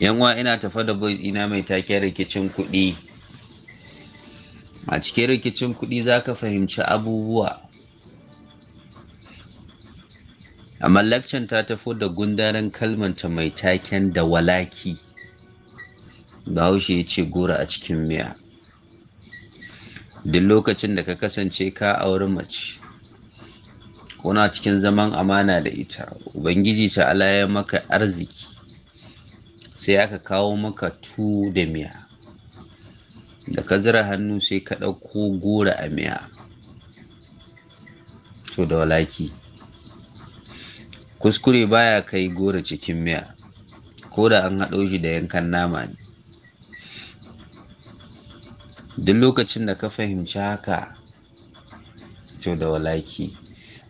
yanwa ina tafa da boys ina mai take rikicin kuɗi a cikin rikicin kuɗi za ka fahimci abubuwa amma lakcin ta tafi da gundaren ta mai taken da walaki bahaushe ya ce gora a cikin miya duk lokacin da ka kasance ka auri mace kuna cikin zaman amana da ita ubangiji ta ya maka arziki sai aka kawo maka tu da miya da ka zira hannu sai ka ɗauko gora a miya to da walaki kuskure baya kai gora cikin miya ko da an haɗo shi da yankan nama ne duk lokacin da ka fahimci haka to da walaki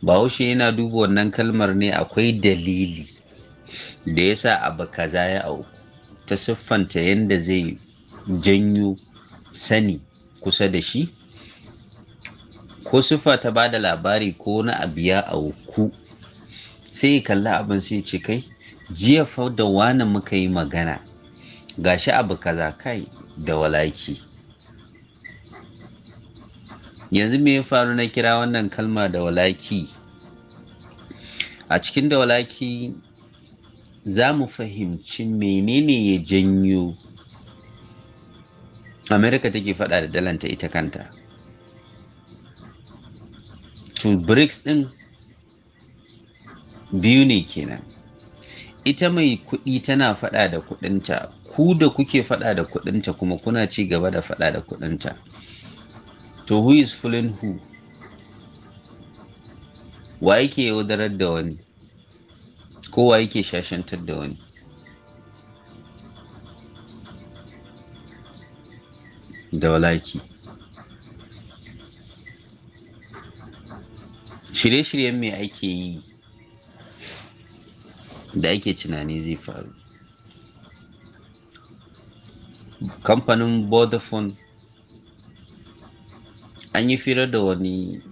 bahaushe yana duba wannan kalmar ne akwai dalili da ya sa abu kaza ya auku ta siffanta yadda zai janyo sani kusa da shi ko siffa ta ba da labari ko na abiya a auku sai ya kalli abin sai ce kai jiya fa da wani muka yi magana gashi abu kaza kai da walaki yanzu me ya faru na kira wannan kalma da walaki a cikin da walaki za mu fahimci menene ya janyo amerika take faɗa da dalanta ita kanta to brics din biyu ne kenan ita mai kuɗi tana faɗa da kuɗinta ku da kuke faɗa da kuɗinta kuma kuna ci gaba da faɗa da kuɗinta to who is fooling who wa yake yaudarar da wani kowa yake shashantar da wani da walaki shirye-shiryen me ake yi da ake tunani zai faru kamfanin vodafone an yi fira da wani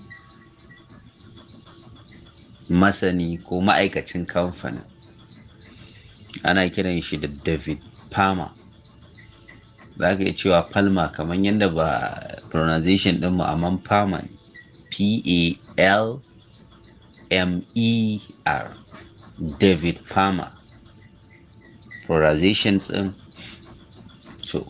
masani ko ma'aikacin kamfanin ana kiran shi da david palmer za ka iya cewa Palmer kamar yadda ba pronunciation mu, amma palmer p-a-l-m-e-r david palmer pronunciation ɗin to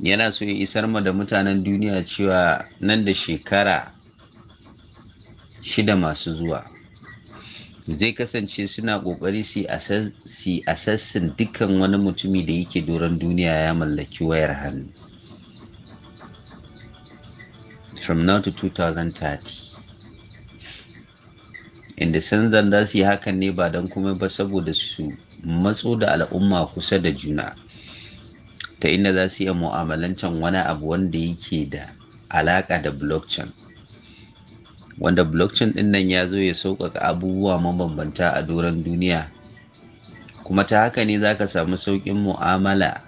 yana so ya isar ma da mutanen duniya cewa nan da shekara shida masu zuwa zai kasance suna kokari su asassin dukkan wani mutumi da yake doron duniya ya mallaki wayar hannu from now to 2030 inda san za su yi hakan ne ba don kuma ba saboda su matso da al'umma kusa da juna ta inda za su yi mu'amalancan wani abu wanda yake da alaka da blockchain wanda blockchain din nan ya zo ya sauƙaƙa abubuwa mabambanta a doron duniya kuma ta haka ne za ka samu sauƙin mu'amala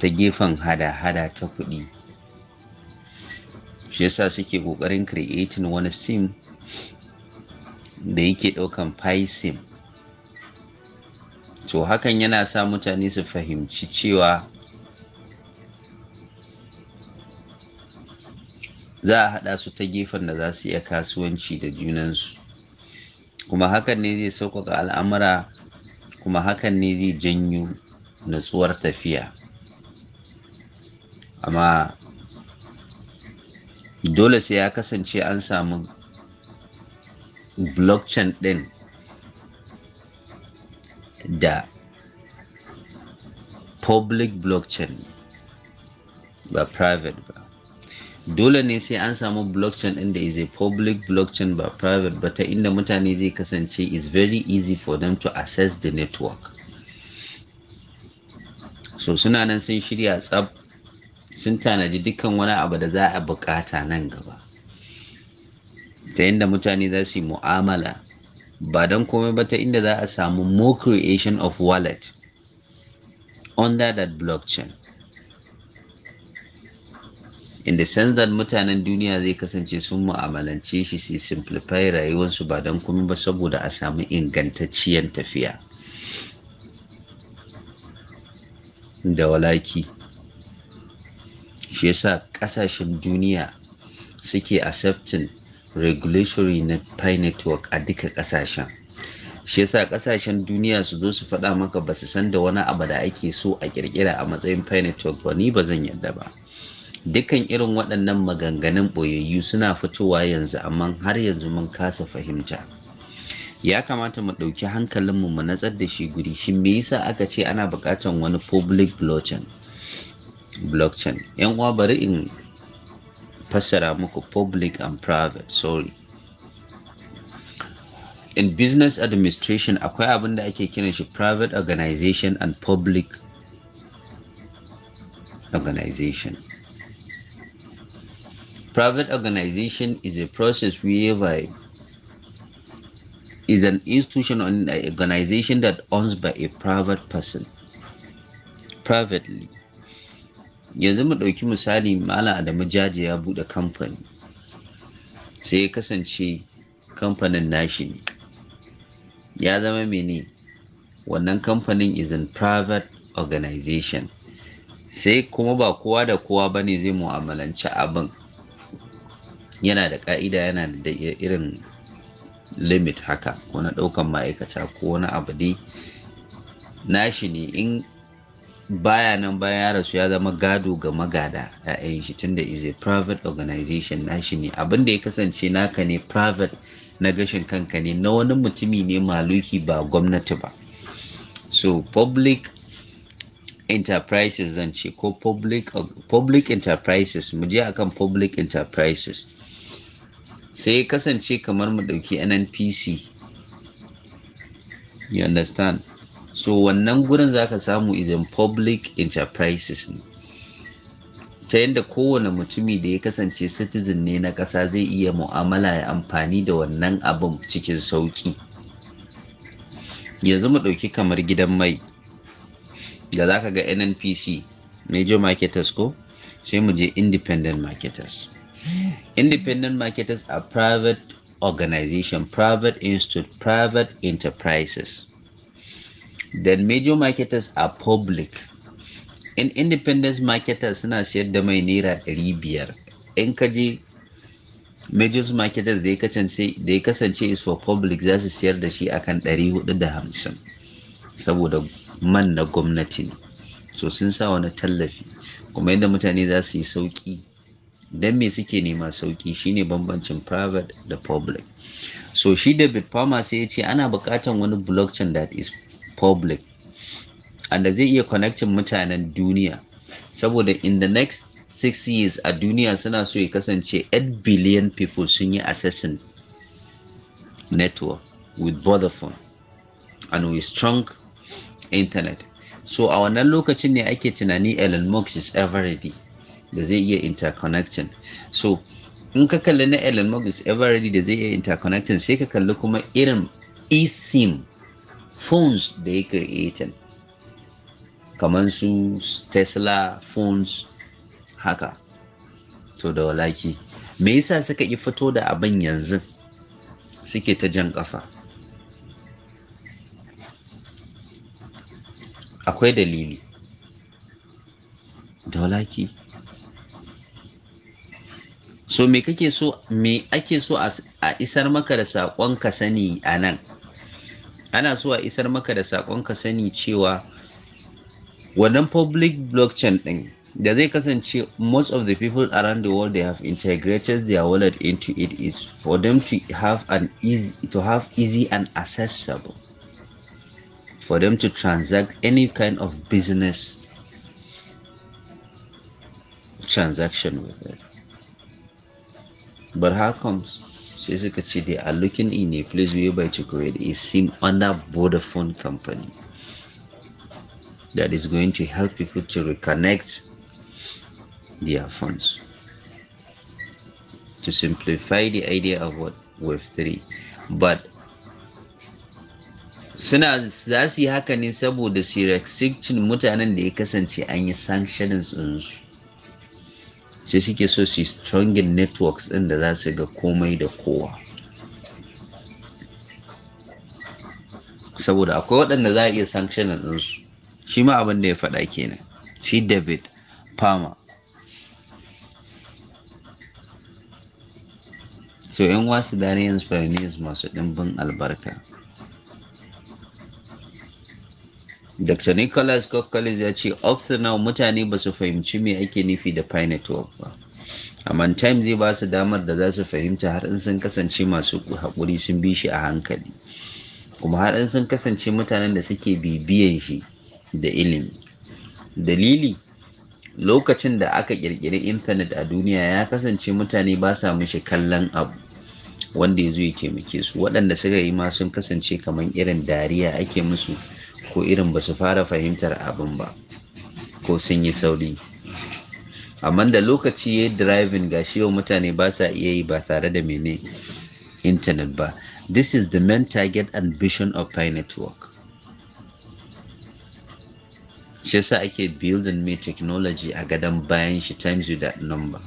ta gefen hada-hada ta kuɗi shi yasa suke ƙoƙarin creating wani sim da yake ɗaukan pi sim to hakan yana sa mutane su fahimci cewa za a haɗa su ta gefen da za su iya kasuwanci da junansu kuma hakan ne zai sauƙaƙa al'amura kuma hakan ne zai janyo natsuwar tafiya amma dole sai ya kasance an samu blockchain ɗin da public blockchain ba private ba dole ne sai an samu blockchain ɗin da is a public blockchain ba private ba ta inda mutane zai kasance is very easy for them to access the network so suna nan sun shirya tsab sun tanaji dukkan wani abu da za a bukata nan gaba ta inda mutane za su yi mu'amala ba don komai ba ta inda za a samu more creation of wallet under that blockchain in the sense that mutanen duniya zai kasance sun mu'amalance shi su simplify rayuwarsu ba don kuma ba saboda a samu ingantacciyar tafiya da walaki shi yasa kasashen duniya suke accepting regulatory net pi network a duka kasashen shi yasa kasashen duniya su zo su faɗa maka ba su san da wani abu da ake so a kirkira a matsayin pi network ba ni ba zan yadda ba dukkan irin waɗannan maganganun ɓoyayyu suna fitowa yanzu amma har yanzu mun kasa fahimta ya kamata mu ɗauki hankalinmu mu natsar da shi guri shi me yasa aka ce ana buƙatar wani public blockchain blockchain yan uwa bari in fassara muku public and private sorry in business administration akwai abin da ake kiran shi private organization and public organization Private organization is a process whereby is an institution or an organization that owns by a private person privately yanzu mu ɗauki misali malam adamu jaji ya buɗe kamfani sai ya kasance kamfanin nashi ne ya zama mene wannan kamfanin is a private organization sai kuma ba kowa da kowa ba ne zai mu'amalanci abin yana da ƙa'ida yana da irin limit haka ko na ɗaukan ma'aikata ko na abu dai nashi ne in baya nan baya ya rasu ya zama gado ga magada ‘ya'yan shi tunda is a private organization nashi ne abin da ya kasance naka ne private na gashin kanka ne na wani mutumi ne maluki ba gwamnati ba so public enterprises zan ce ko public, public enterprises mu je akan public enterprises sai ya kasance kamar mu ɗauki nnpc you understand so wannan gurin zaka samu is in public enterprises ne ta yadda kowane mutumi da ya kasance citizen ne na ƙasa zai iya mu'amala ya amfani da wannan abin cikin sauƙi yanzu mu ɗauki kamar gidan mai da za ka ga nnpc major marketers ko sai mu je independent marketers Independent marketers are private organization, private institute, private enterprises. Then major marketers are public. In independent marketers suna siyar da mai naira ɗari biyar. In ka je major marketers da ya kasance is for public za su siyar da shi akan ɗari huɗu da hamsin saboda man na gwamnati So sun sa wani tallafi kuma yadda mutane za su yi sauƙi Dan me suke nema sauki shine bambancin private da public so shi da bitfarmer sai ya ce ana buƙatar wani blockchain that is public and da zai iya connecting mutanen duniya saboda in the next six years a duniya suna so ya kasance 8 billion people sun yi accessing network with Vodafone and with strong internet so a wannan lokacin ne ake tunani Elon Musk is ever ready da zai iya interconnecting so in ka kalli na Elon Musk is ever ready da zai iya interconnecting sai ka kalli kuma irin eSIM phones da ya creating kamar su Tesla phones haka to da walaki me yasa suka yi fito da abin yanzu suke ta jan kafa akwai dalili da walaki so me kake so me ake so a isar maka da saƙon ka sani a nan ana so a isar maka da saƙon ka sani cewa wannan public blockchain ɗin da zai kasance most of the people around the world they have integrated their wallet into it is for them to have an easy to have easy and accessible for them to transact any kind of business transaction with it but how comes see they are looking in a place whereby to create a SIM under Vodafone company that is going to help people to reconnect their phones? To simplify the idea of what Wave 3 But suna as su yi haka ne saboda su restriction mutanen da ya kasance an yi sai suke so su strongin networks ɗin da za su ga komai da kowa saboda akwai waɗanda za a iya sanctionin ɗinsu shi ma abin da ya faɗa kenan shi david palmer so yan wasu daniels pioneers masu ɗimbin albarka dr nicholas kokkalis ya ce up now mutane ba su fahimci me ake nufi da pi network ba amma time zai ba su damar da za su fahimta har in sun kasance masu haƙuri sun bi shi a hankali kuma har in sun kasance mutanen da suke bibiyan shi da ilimi dalili lokacin da aka ƙirƙiri intanet a duniya ya kasance mutane ba sa mishi kallon abu wanda ya zo ya taimake su waɗanda suka yi ma sun kasance kamar irin dariya ake musu ko irin ba su fara fahimtar abin ba ko sun yi sauri amma da lokaci ya yi driving ga shi yau mutane ba sa iya yi ba tare da mene intanet ba this is the main target and vision of pi network shi sa ake building me technology a gadon bayan shi times you that number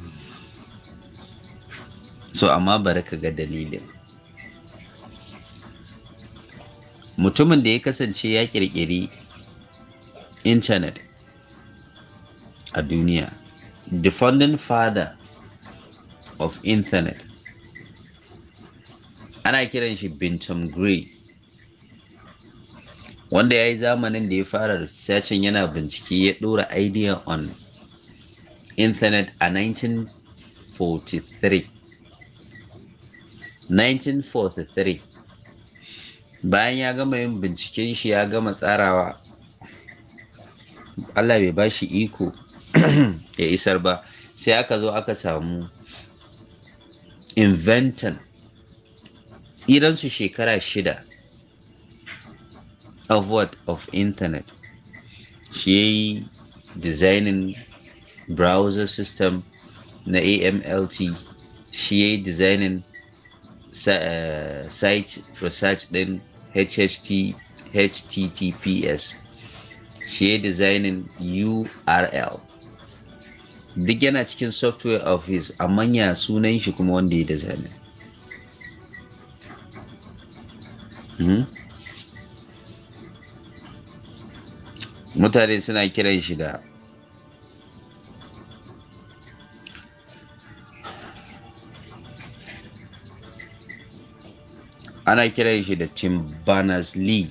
so amma bari ka ga dalilin mutumin da ya kasance ya ƙirƙiri intanet a duniya the founding father of internet ana kiran shi bintam gray wanda ya yi zamanin da ya fara sashen yana bincike ya ɗora idea on internet a 1943 1943 bayan ya gama yin binciken shi ya gama tsarawa allah bai ba shi iko ya isar ba sai aka zo aka samu inventan tsiransu shekara shida of what of internet shi ya yi dizainin browser system na amlt shi ya yi dizainin eh, site research din https shi designing url duk yana cikin software office amma ya sunan shi kuma wanda ya design hmm? mutane suna kiran shi da ana kiran shi da tim berners-lee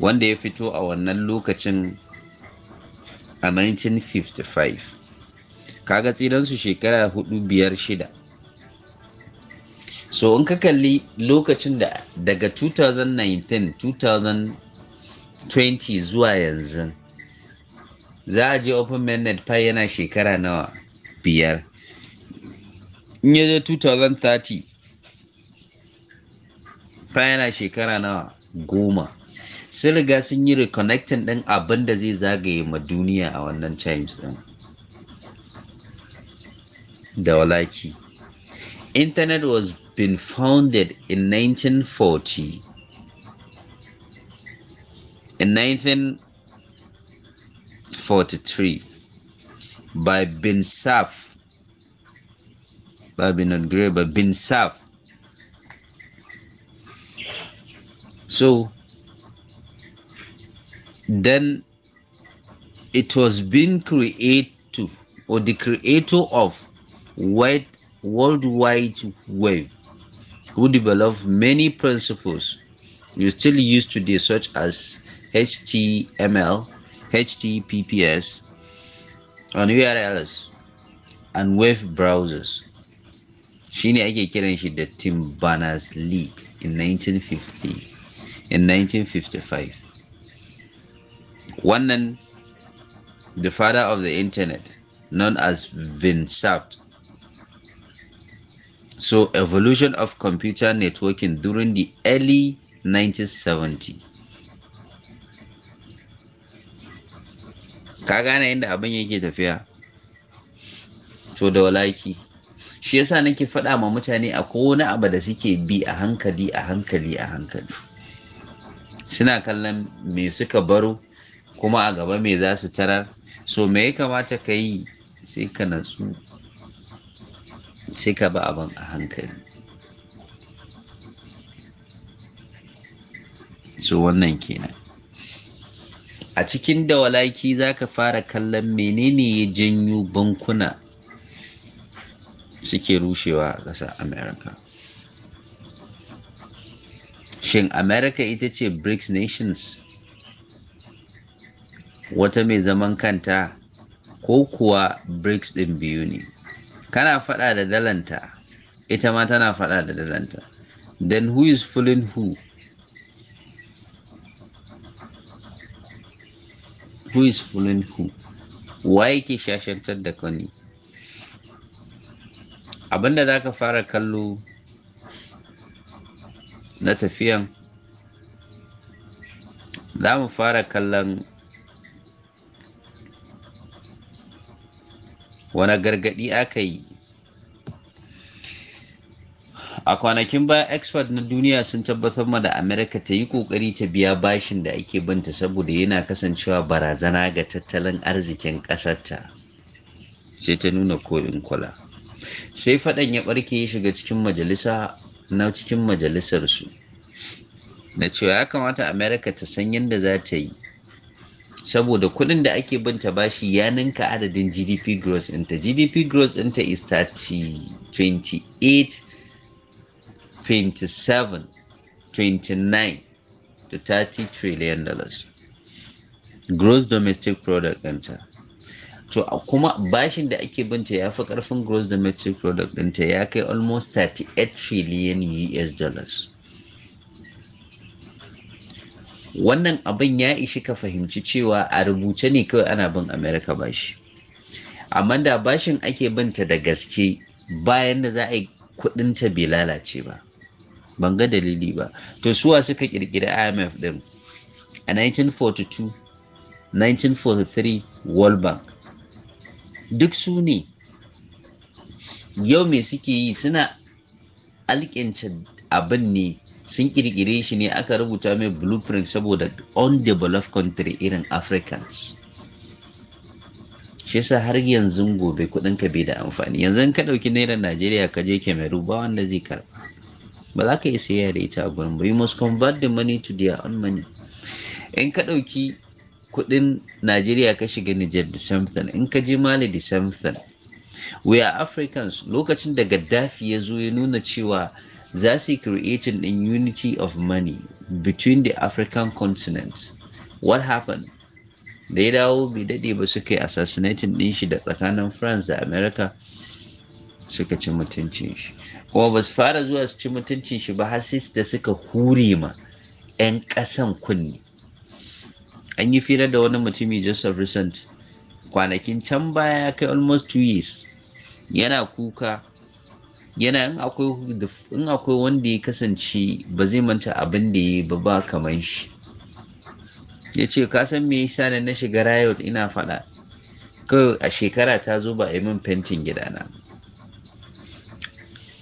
wanda ya fito a wannan lokacin a 1955 kaga su shekara hudu biyar shida so in ka kalli lokacin da daga 2019 2020 zuwa yanzu za a je open mainnet fa yana shekara nawa biyar in ya zo 2030 yana shekara na goma sun riga sun yi reconnecting din abin da zai zagaye ma duniya a wannan times din da walaki internet was been founded in 1940 in 1943 by bin saf by bin Gray, bin saf So then it was being created or the creator of wide worldwide wave who developed many principles you still use today such as html https and urls and web browsers she ake kiran shi tim berners-lee in 1950 in 1955. Wannan, the father of the internet, known as Vinsaft. So evolution of computer networking during the early 1970s. Kaga na inda abin yake tafiya? To da walaki. Shi yasa nake faɗa ma mutane a kowane abu da suke bi a hankali a hankali a hankali. suna kallon me suka baro kuma a gaba me za su tarar so me ya kamata ka yi sai ka natsu sai ka ba abin a hankali so wannan kenan a cikin dawalaki za ka fara kallon menene ya janyo bankuna suke rushewa a ƙasar america shin america ita ce brics nations wata mai zaman kanta ko kuwa brics ɗin biyu ne kana faɗa da dalanta ita ma tana faɗa da dalanta then who is fooling who who is fooling who wa yake shashantar da kani abinda za ka fara kallo na tafiyan za mu fara kallon wani gargadi aka yi a kwanakin baya expert na duniya sun tabbatar ma da amerika ta yi kokari ta biya bashin da ake binta saboda yana kasancewa barazana ga tattalin arzikin ƙasarta sai ta nuna ko kula sai faɗan ya ɓarke ya shiga cikin majalisa na cikin majalisarsu na cewa ya kamata Amerika ta san yadda za ta yi saboda kuɗin da ake binta bashi ya ninka adadin gdp growth ɗinta gdp growth ɗinta is 28 27 29 to 30 trillion dollars gross domestic product ɗinta to kuma bashin da ake binta ya fi karfin gross domestic product ɗinta ya kai almost 38 trillion us dollars wannan abin ya ishi ka fahimci cewa a rubuce ne kawai ana bin america bashi amma da bashin ake binta da gaske bayan da za a yi ta bai lalace ba ban ga dalili ba to suwa suka kirkiri imf din a 1942 1943 world bank duk su ne yau me suke yi suna alƙince abin ne sun ƙirƙire shi ne aka rubuta mai blueprint saboda undeveloped country irin africans shi sa har yanzu gobe kuɗin ka bai da amfani yanzu ka ɗauki naira najeriya ka je cameroon ba wanda zai karɓa ba za ka iya sayar da ita a gurin ba you must convert the money to their own money in ka ɗauki kudin Najeriya ka shiga Niger the Samson in ka je Mali the Samson we are Africans lokacin da Gaddafi ya zo ya nuna cewa za su creating din unity of money between the African continent what happened da ya dawo bai dade ba suka yi assassinating din shi da tsakanin France da America suka ci mutuncin shi kuma ba su fara zuwa su ci mutuncin shi ba har sai da suka hure ma 'yan ƙasan kunni an yi fira da wani mutumi joseph recent kwanakin can baya ya kai almost two years yana kuka yana in akwai wanda ya kasance ba zai manta abin da ya ba ba kamar shi ya ce ka san me yasa na na shiga riot ina faɗa kawai a shekara ta zo ba a yi min fentin gidana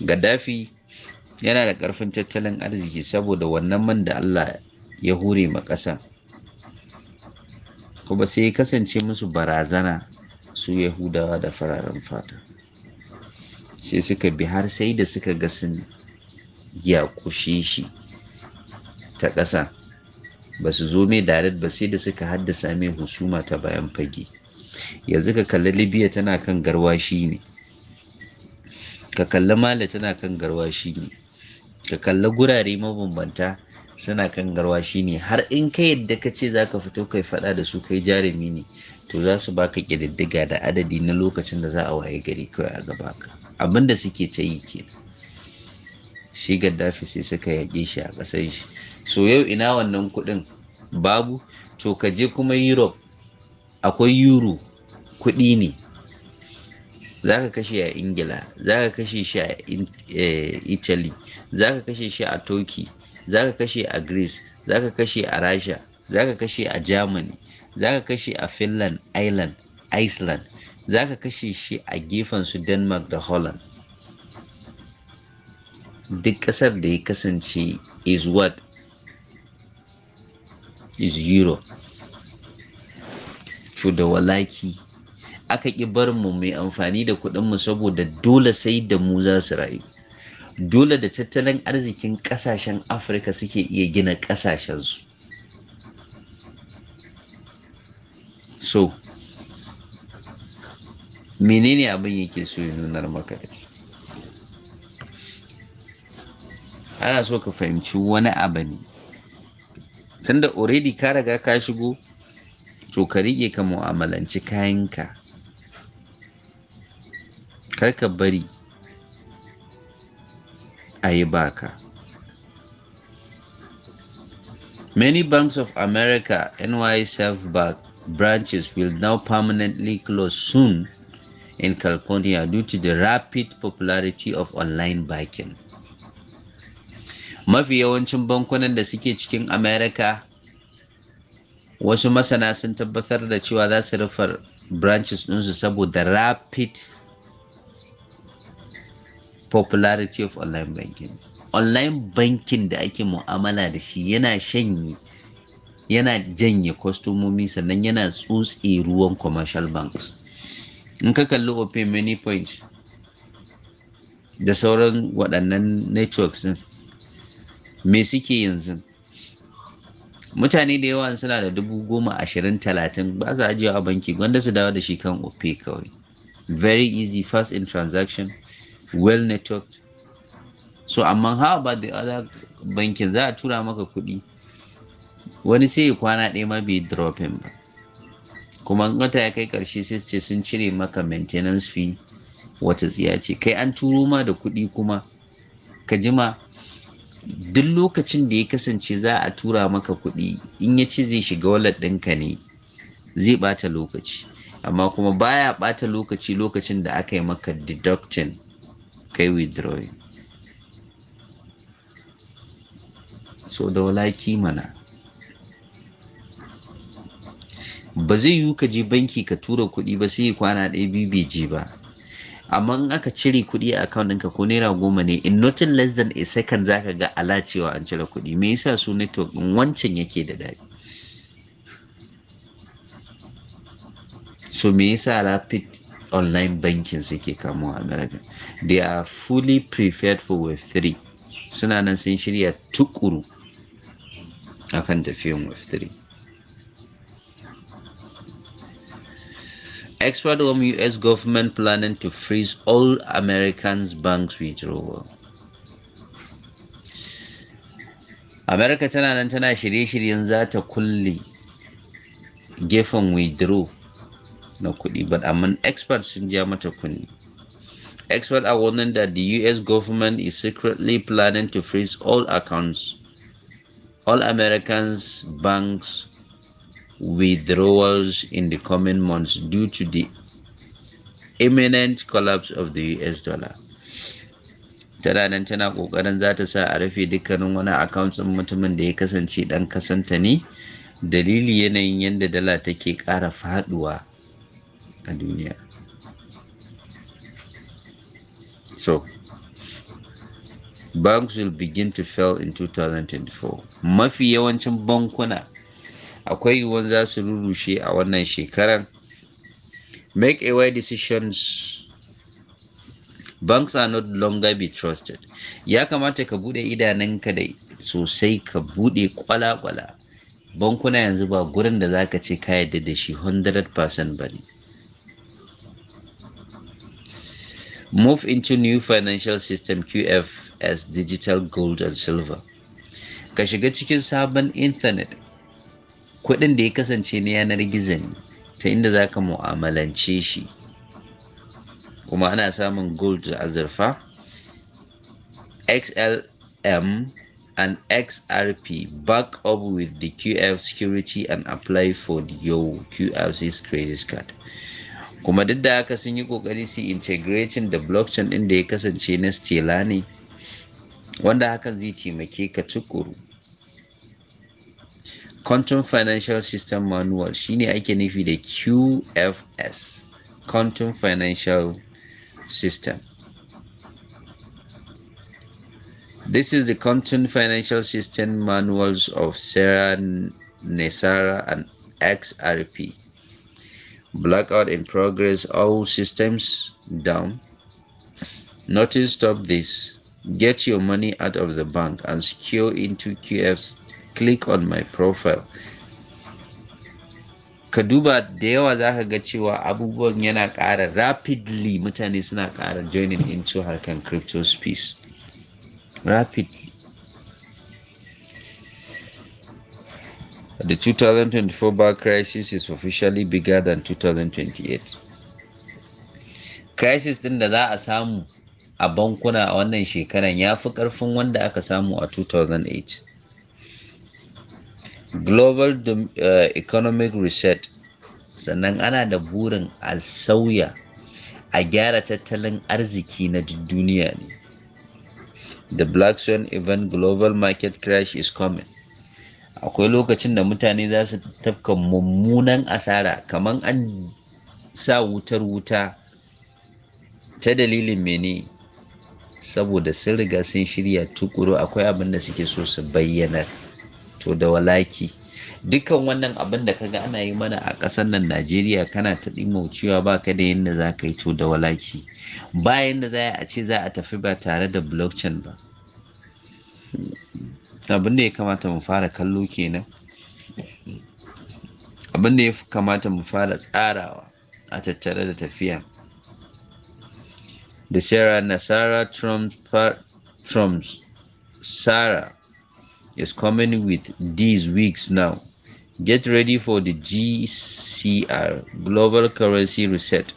gaddafi yana da ƙarfin tattalin arziki saboda wannan man da allah ya hure ma ƙasa kuma sai ya kasance musu barazana su yahudawa da fararen fata sai suka bi har sai da suka ga sun yakushe shi ta ƙasa ba su zo mai daret ba sai da suka haddasa mai husuma ta bayan fage yanzu ka kalli libya tana kan garwashi ne ka kalli mali tana kan garwashi ne ka kalli gurare mabambanta suna kan garwa shine har in ka yadda ka ce za ka fito kai faɗa da su kai jarumi ne to za su baka ƙididdiga da adadi na lokacin da za a waye gari kawai a gaba ka Abinda suke cayi ke shi gaddafi sai suka yaƙe shi a ƙasar shi so yau ina wannan kuɗin babu to ka je kuma europe akwai euro kuɗi ne za ka kashe a ingila za ka kashe shi a eh, italy za ka kashe shi a turkey za ka kashe a greece za ka kashe a rasha za ka kashe a germany za ka kashe a finland island iceland za ka kashe shi a gefen su denmark da holland duk ƙasar da ya kasance is what is euro to da walaki aka ƙi barinmu mai amfani da kuɗinmu saboda dole sai da mu za su rayu dole da tattalin arzikin ƙasashen afirka suke iya gina ƙasashensu so menene abin yake so ya nunar maka da ana so ka fahimci wani abu ne tunda already ka riga ka shigo to ka riƙe ka mu'amalanci kayanka kar ka bari a yi baka many banks of america self bank branches will now permanently close soon in california due to the rapid popularity of online banking mafi yawancin bankunan da suke cikin america wasu masana sun tabbatar da cewa za su rufe branches ɗinsu saboda rapid popularity of online banking online banking da ake mu'amala da shi yana shanye yana janye kwastomomi sannan yana tsotse ruwan commercial banks in ka kalli open many points da sauran waɗannan networks din me suke yanzu mutane da yawa suna da dubu goma ashirin talatin ba su a banki wanda su dawo da shi kan ope kawai very easy fast in transaction well networked so amma how about the other bankin za a tura maka kuɗi wani sai ya kwana ɗaya ma bai dropping ba kuma wata ya kai ƙarshe sai ce sun cire maka maintenance fee wata tsiya ce kai an turo ma da kuɗi kuma ka jima duk lokacin da ya kasance za a tura maka kuɗi in ya ce zai shiga walat ɗinka ne zai ɓata lokaci amma kuma baya ɓata lokaci lokacin da aka yi maka deducting kai withdrawing so da walaki mana ba zai yiwu ka je banki ka tura kuɗi ba sai kwana ɗaya biyu bai ba amma in aka cire kuɗi a account ɗinka ko naira goma ne in nothing less than a second zaka ga ala cewa an cire kuɗi me yasa su network ɗin wancan yake da daɗi so me yasa rapid online banking suke kamo a america they are fully prepared for web 3 suna nan sun shirya tukuru akan tafiyan web 3 expert on us government planning to freeze all americans banks withdrawal america tana nan tana shirye-shiryen za ta kulle gefen withdraw na kuɗi ba amma experts sun ja mata kunni experts are warning that the US government is secretly planning to freeze all accounts all Americans banks withdrawals in the coming months due to the imminent collapse of the US dollar. Tana nan tana ƙoƙarin za ta sa a rufe dukkanin wani akauntsin mutumin da ya kasance ɗan kasanta ne dalili yanayin yadda dala take ƙara faɗuwa. a duniya so banks will begin to fail in 2024 mafi yawancin bankuna akwai yiwuwan za su rurushe a wannan shekaran make away decisions banks are not longer be trusted ya kamata ka bude idanunka da sosai ka bude kwala-kwala bankuna yanzu ba gurin da zaka ce ka yadda da shi 100% ne move into new financial system qf as digital gold and silver ka shiga cikin sabon intanet kudin da ya kasance na yanar gizo ne ta inda za ka mu'amalance shi kuma ana samun gold da azurfa xlm and xrp back up with the qf security and apply for your qfc's credit card kuma duk da haka sun yi kokari su integrating da blockchain din da ya kasance na stela ne wanda hakan zai taimake ka tukuru Quantum Financial System Manual shine ake nufi da QFS Quantum Financial System This is the Quantum Financial System Manuals of Sarah Nesara and XRP blackout in progress all systems down nothing stop this get your money out of the bank and secure into qf click on my profile ka duba da yawa za ka ga cewa abubuwan yana ƙara rapidly mutane suna ƙara joining into harkan crypto space rapidly The 2024 bar crisis is officially bigger than 2028. Crisis ɗin da za a samu a bankuna a wannan shekaran ya fi ƙarfin wanda aka samu a 2008. Global eh, Economic Reset sannan ana da burin a sauya a gyara tattalin arziki na duniya ne. The Black Swan Event Global Market Crash is coming. akwai lokacin da mutane za su tafka mummunan asara kamar an sa wutar wuta ta dalilin mene saboda sun riga sun shirya tukuru akwai abin da suke so su bayyana to da walaki dukkan wannan abin da kaga ana yi mana a ƙasar nan najeriya kana ta cewa ba ka da yadda za ka yi to da walaki bayan da za a ce za a tafi ba tare da blockchain ba abin da ya kamata mu fara kallo kenan abin da ya kamata mu fara tsarawa a tattare da tafiya da sarah nasara trump trump's sarah is coming with these weeks now get ready for the gcr global currency reset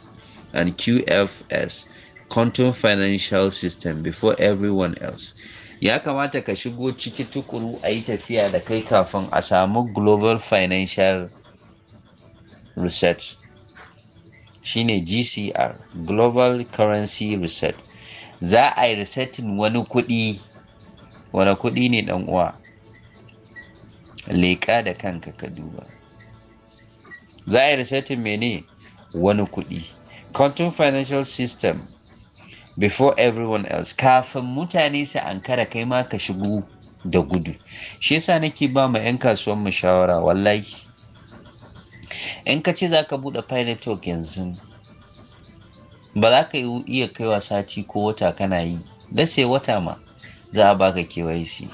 and qfs quantum financial system before everyone else ya kamata ka shigo ciki tukuru a yi tafiya da kai kafin a samu global financial research shine gcr global currency research za a yi resetin wani kuɗi wani kudi ne ɗan uwa leƙa da kanka ka duba za a yi resetin mene wani kuɗi Quantum Financial System before everyone else kafin mutane su ankara kai ma ka shigo da gudu shi yasa nake ba ma 'yan kasuwan mu shawara wallahi in ka ce za ka buɗe pi network yanzu ba za ka iya kaiwa sati ko wata kana yi da sai wata ma za a baka KYC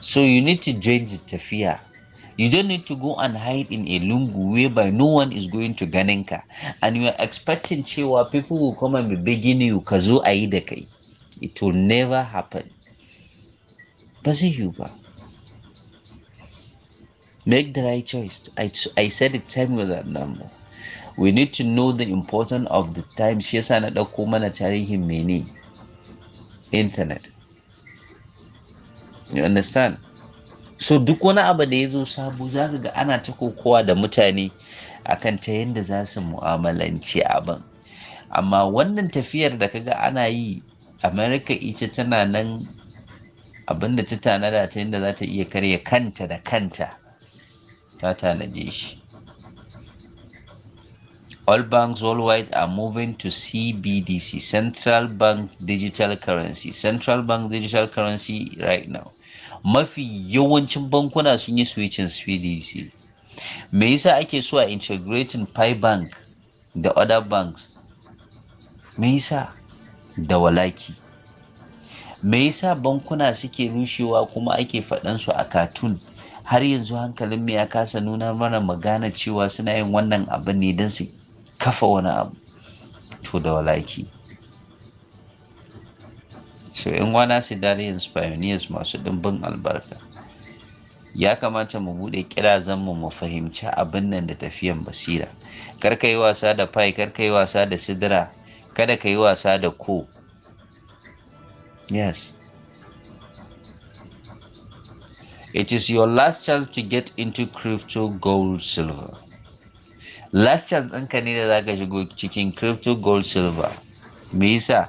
so you need to join the tafiya You don't need to go and hide in a lungu whereby no one is going to ganinka And you are expecting cewa people will come and be begging you ka zo a yi da kai. It will never happen. Ba zai yiwu ba. Make the right choice. I, I said it time with that number. We need to know the importance of the time. Shi yasa na ɗauko mana tarihin mene. Internet. You understand? so duk wani abu da ya zo sabo za ka ga ana ta kokowa da mutane akan ta yadda za su mu'amalanci abin amma wannan tafiyar da ka ga ana yi america ita tana nan abin da ta tanada ta yadda za ta iya karya kanta da kanta ta tanade shi all banks worldwide are moving to cbdc central bank digital currency central bank digital currency right now mafi yawancin bankuna sun yi switching cbdc me yasa ake so a integrating pi bank da other banks me yasa da walaki me yasa bankuna suke rushewa kuma ake su a katun har yanzu hankalin mu ya kasa nuna mana magana cewa suna yin wannan abin ne don su kafa wani abu to da walaki so in wana sidarians pioneers masu dimbin albarka ya kamata mu buɗe kirazan mu mu fahimci abin nan da tafiyan basira kar ka yi wasa da fai, kar ka yi wasa da sidira kada ka yi wasa da ko yes It is your last chance to get into crypto gold silver. Last chance ɗinka ne da za ka shigo cikin crypto gold silver. Me yasa?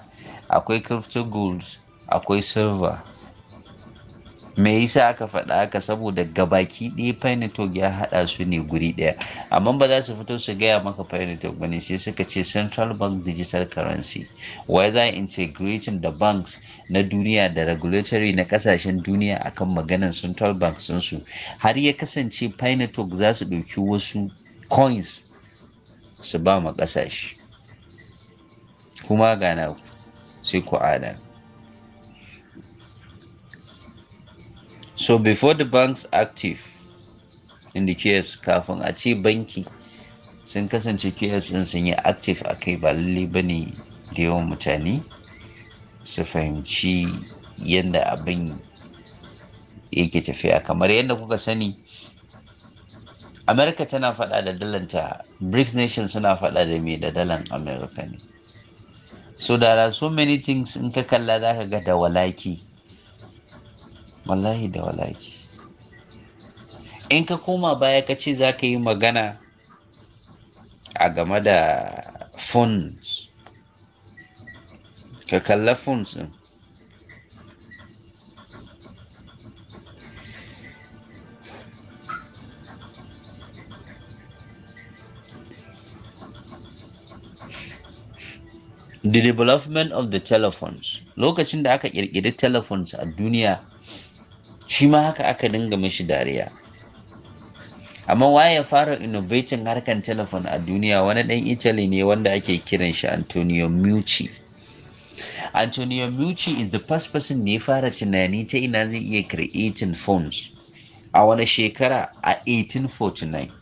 akwai crypto gold akwai silver me yasa aka faɗa haka saboda gabaki ɗaya pinetog ya haɗa su ne guri ɗaya amma ba za su fito su gaya maka pinetog ba ne sai suka ce central bank digital currency why za integrating the banks na duniya da regulatory na kasashen duniya akan maganan central bank sun su har ya kasance pinetog za su ɗauki wasu coins su ba ma ƙasashe kuma ga ku sai ku add so before the bank's active in the QFs kafin a ce banki sun kasance QFs sun sun yi active a kai ba lalle ba ne da yawan mutane su fahimci yadda abin yake tafiya kamar yadda kuka sani amerika tana fada da dalanta brics nation suna fada da mai da dalan america ne so there are so many things in ka kalla za ka ga da walaki wallahi da walaki in ka koma baya ka ce za ka yi magana a game da phones ka kalla phones din The development of the telephones. Lokacin da aka ƙirƙiri telephones a duniya, shi ma haka aka dinga mashi dariya. Amma waye ya fara innovating harkan telefon a duniya wani ɗan Italy ne wanda ake kiran shi Antonio Mucci. Antonio Mucci is the first person da ya fara tunani ta ina zai iya creating phones a wani shekara a 1849.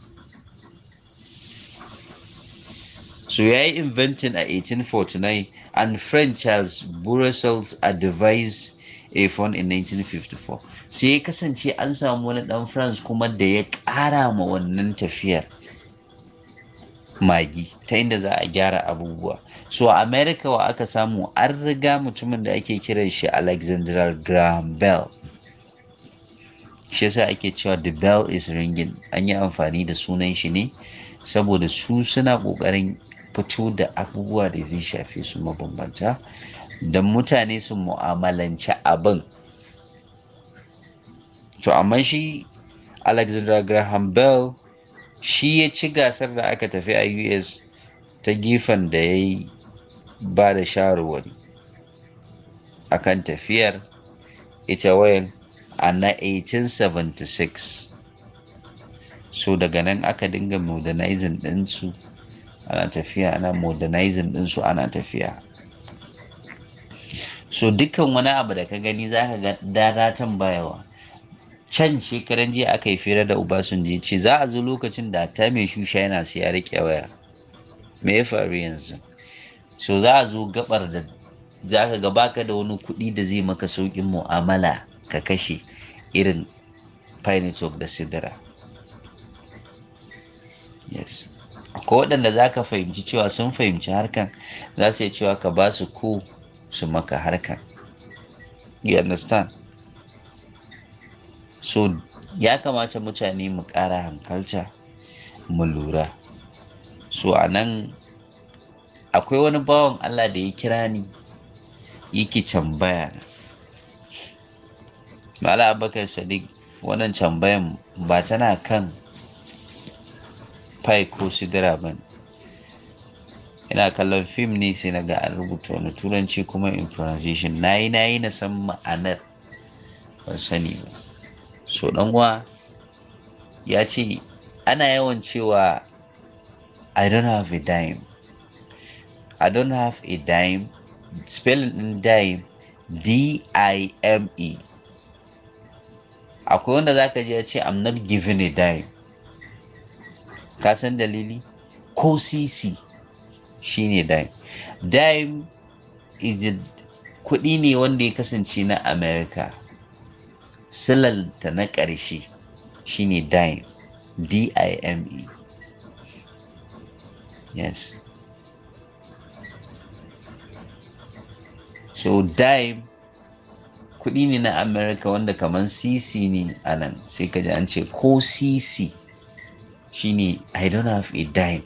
so ya yi inventin a 1849 and french charles brussels a a phone in 1954 sai ya kasance an samu wani ɗan france kuma da ya ƙara ma wannan tafiyar magi ta inda za a gyara abubuwa so a america wa aka samu an riga mutumin da ake kiran shi alexander graham bell shi ake cewa the bell is ringing an yi amfani da sunan shi ne saboda su suna ƙoƙarin fito da abubuwa da zai shafe su mabambanta da mutane su mu'amalanci abin to amma shi alexander graham bell shi ya ci gasar da aka tafi a us ta gefen da ya yi ba da shawarwari akan tafiyar ita wayan a na 1876 so daga nan aka dinga modernizing ɗinsu ana tafiya ana modernizing ɗinsu ana tafiya so dukkan wani abu da ka gani za ka ga dadatan bayawa can shekaran jiya aka yi fira da uba obasanjo ce za a zo lokacin da ta mai shusha yana sai ya riƙe waya me ya faru yanzu so za a zo gabar da za ka gaba ka da wani kuɗi da zai maka sauƙin mu'amala ka kashe irin pine da sidira yes Ko waɗanda za ka fahimci cewa sun fahimci harkan za su iya cewa ka ba su ku su maka harkan you understand so ya kamata mutane mu ƙara hankalta mu lura so a nan akwai wani bawan allah da ya kira ni yake tambaya mala abakar sadiq wannan tambayan ba tana kan pi ko sidira ba ne ina kallon fim ne sai na ga an rubuta wani turanci kuma in pronunciation na yi na yi na san ma'anar ban sani ba so ɗan uwa ya ce ana yawan cewa i don't have a dime i don't have a dime spelling din dime d-i-m-e akwai wanda zaka je ya ce i'm not giving a dime ka san dalili ko sisi ne dime dime is kuɗi ne wanda ya kasance na america silanta na ƙarshe ne dime d-i-m-e yes so dime kuɗi ne na america wanda kamar sisi ne anan, sai ka ji an ce ko sisi shine i don't have a dime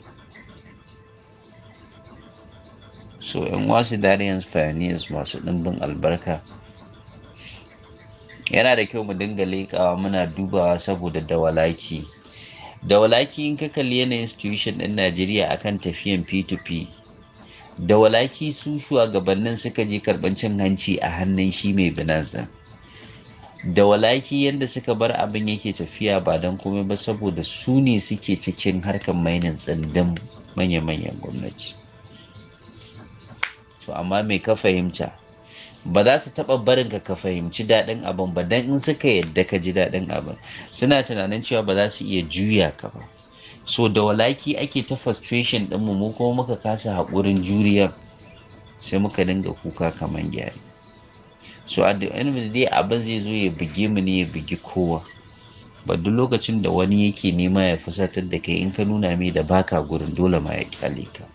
so yan wasu dariyan's pioneers masu ɗimbin albarka yana da kyau mu dinga leƙawa muna dubawa saboda dawalaki dawalaki in ka kalli yanayin institution ɗin najeriya akan tafiyan p2p dawalaki su shugabannin suka je karɓar cin hanci a hannun shi mai binansa da walaki yadda suka bar abin yake tafiya ba don komai ba saboda su ne suke cikin harkar mainin tsindin manya-manyan gwamnati to amma mai ka fahimta ba za su taɓa barin ka ka fahimci daɗin abin ba don in suka yadda ka ji daɗin abin suna tunanin cewa ba za su iya juya ka ba so da walaki ake ta frustration ɗinmu mu kuma muka kasa haƙurin juriya sai muka dinga kuka kamar gyari so a da end of abin zai zo ya bugi mu ne ya bugi kowa ba duk lokacin da wani yake nema ya fusatar da kai in ka nuna mai da baka gurin dole ma ya kyale ka